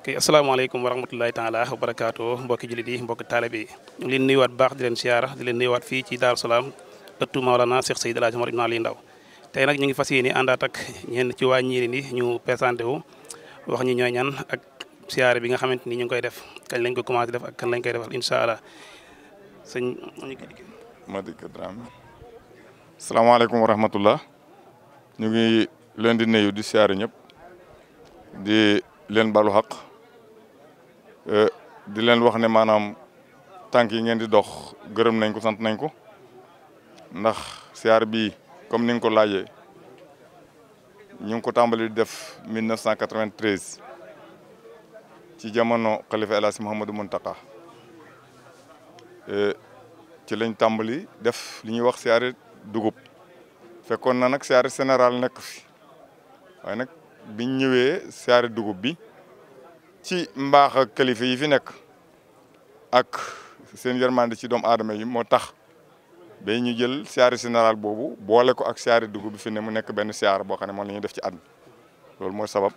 ok asalaamaaleykum wa rahmatulahi taala wa barakaatu mbokki jullit yi mbokki taalibe yi ñu baax di leen siyaara di leen nuyuwaat fii ci a Salaam ëttu Mawlana Cheikh Seydi El Hadji Omar Ibn li Ndaw tey nag ñu ngi fas yéene àndaat ak ñenn ci waa ñiiri ni ñu présenté wu wax ñu ñooy ñan ak siyaare bi nga xamante ni ñu ngi koy def kañ lañ ko commencé def ak kañ koy defal incha allah sëñ Madick Dramé ñu ngi leen di nuyu di siyaare ñëpp di leen balu xaq Euh, di leen wax ne maanaam tànk yi ngeen di dox gërëm nañ ko sant nañ ko ndax siyaar bi comme ni nga ko laajee ñu ngi ko tàmbali di def 1993 ci jamono xalifa El Hadj Mouhamadou Mountakha euh, ci lañ tàmbali def li ñuy wax siyaare dugub fekkoon na nag siyaare sénéral nekk fi waaye nag biñ ñëwee siyaare dugub bi. ci mbaax ak kilifa yi fi nekk ak seen yërmande ci doom aadama yi moo tax ba ñu jël siyaari général boobu boole ko ak siyaari dugub bi fi mu nekk benn siyaar boo xam ne moom la def ci at loolu mooy sabab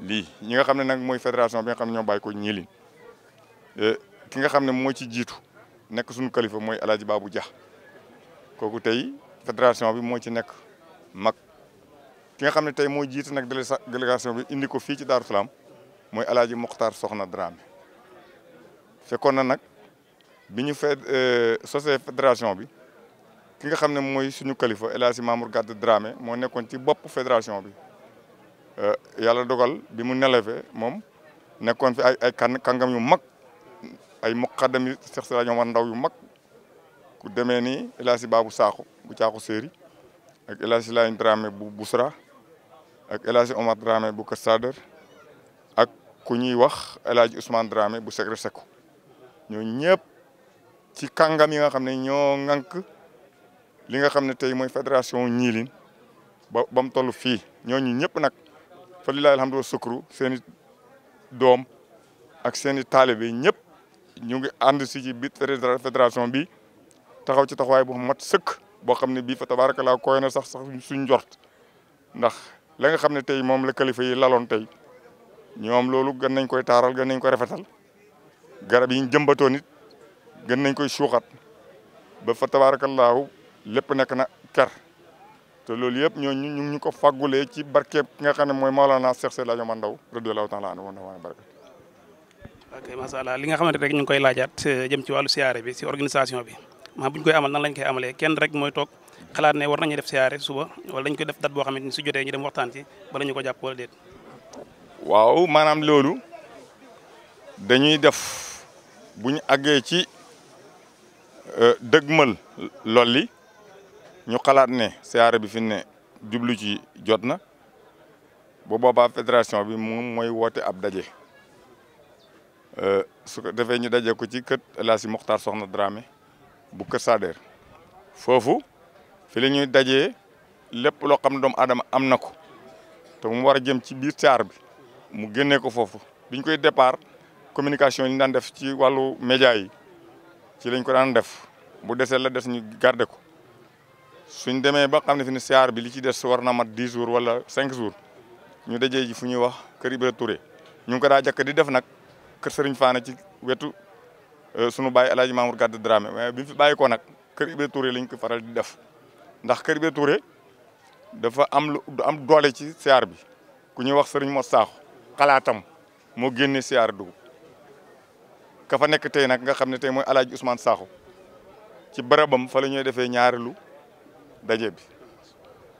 lii ñi nga xam ne nag mooy fédération bi nga xam ne ñoo bàyyi ko ñiilin e, ki nga xam ne mooy ci jiitu nekk suñu kalifa mooy El Hadj Babou kooku tey fédération bi moo ci nekk mag ki nga xam ne tey moo jiitu nag délégation bi indi ko fii ci Darou mooy El Hadj Soxna Dramé fekkoon na nag bi ñu fee euh, sosee fédération bi ki nga xam ne mooy suñu kalifa El Hadj Mamour drame moo nekkoon ci bopp fédération bi euh, yàlla dogal bi mu nelawee moom nekkoon fi ay ay kan kàngam yu mag ay muqaddami Cheikh Siraj Omar Ndaw yu mag ku demee ni El Hadj Babou bu Caaxu Séeri ak El Hadj Laye Dramé bu Bousra ak El Omar Dramé bu Kër Sadar ku ñuy wax El Hadj Ousmane Dramé bu Segre Secco ñoo ñëpp ci kàngam yi nga xam ne ñoo ŋànk li nga xam ne tey mooy fédération ñiilin ba ba mu toll fii ñooñu ñëpp nag fa lillahi alhamdu wa seen doom ak seeni i taalibe ñëpp ñu ngi ànd si ci biir fédération bi taxaw ci taxawaay bu mat sëkk boo xam ne bii fa tabaarakalaa koy na sax sax suñ jort ndax la nga xam ne tey moom la kalifa yi laloon tey ñoom loolu gën nañ koy taaral gën nañ koy rafetal garab yi ñu jëmbatoo nit gën nañ koy suuxat ba fa tabaarakallaahu lépp nekk na ker te loolu yëpp ñoo ñu ñu ko faggulee ci barkeeb ki nga xam ne mooy Maolana Cheikh Seydou Ladio Mandaw radiyallaahu taala anhu wa barakaatu xamante rek ñu ngi koy laajaat eh, jëm ci wàllu siyaare bi si organisation bi maa bu ñu koy amal nan lañ koy amalee kenn rek mooy toog xalaat ne war nañu def siyaare suba wala dañ koy def date boo xamante ni su jotee ñu dem waxtaan ci bala ñu ko jàpp wala déet waaw maanaam loolu dañuy def bu ñu àggee ci euh, dëgmal lolli ñu xalaat ne siyaare bi fi ne jublu ci jot na bu boobaa fédération bi moom mooy woote ab daje euh, su ko defee ñu daje ko ci kër El Hadj Mokhtar Soxna Dramé bu kër Sader foofu fi la ñuy daje lépp loo xam ne doomu aadama am na ko te mu war a jëm ci biir siyaare bi mu génnee ko foofu biñ koy départ communication yi ñu daan def ci wàllu média yi ci lañ ko daan def bu desee la des ñu garde ko suñ demee ba xam ne fi ne siyaar bi li ci des war na mat dix jours wala cinq jours ñu dajee ji fu ñuy wax kër Ibra toure ñu ngi ko daa jàkk di def nag kër Serigne Fane ci wetu euh, sunu baay El Hadj Mamour Gadda Dramé waaye bi mu fi bàyyi nag kër Ibra Touré lañ ko faral di def ndax kër Ibra dafa am lu am doole ci siyaar bi ku ñu wax Serigne Mor Sakho xalaatam moo génne siyaar dugub ka fa nekk tey nag nga xam ne tey mooy alaaji Ousmane Sakho ci barabam fa la ñuy defee ñaareelu daje bi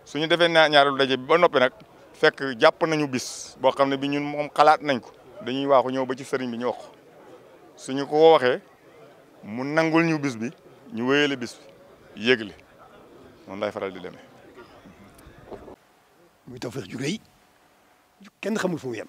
su ñu defee ñaareelu daje bi ba noppi nag fekk jàpp nañu bis boo xam ne bi ñun moom xalaat nañ ko dañuy waaxu ñëw ba ci sëriñ bi ñu wax suñu ko waxee mu nangul ñu bis bi ñu wéyale bis bi yégle noonu lay faral di demee. muy Tawfekh jugee yi kenn xamul fu mu yem.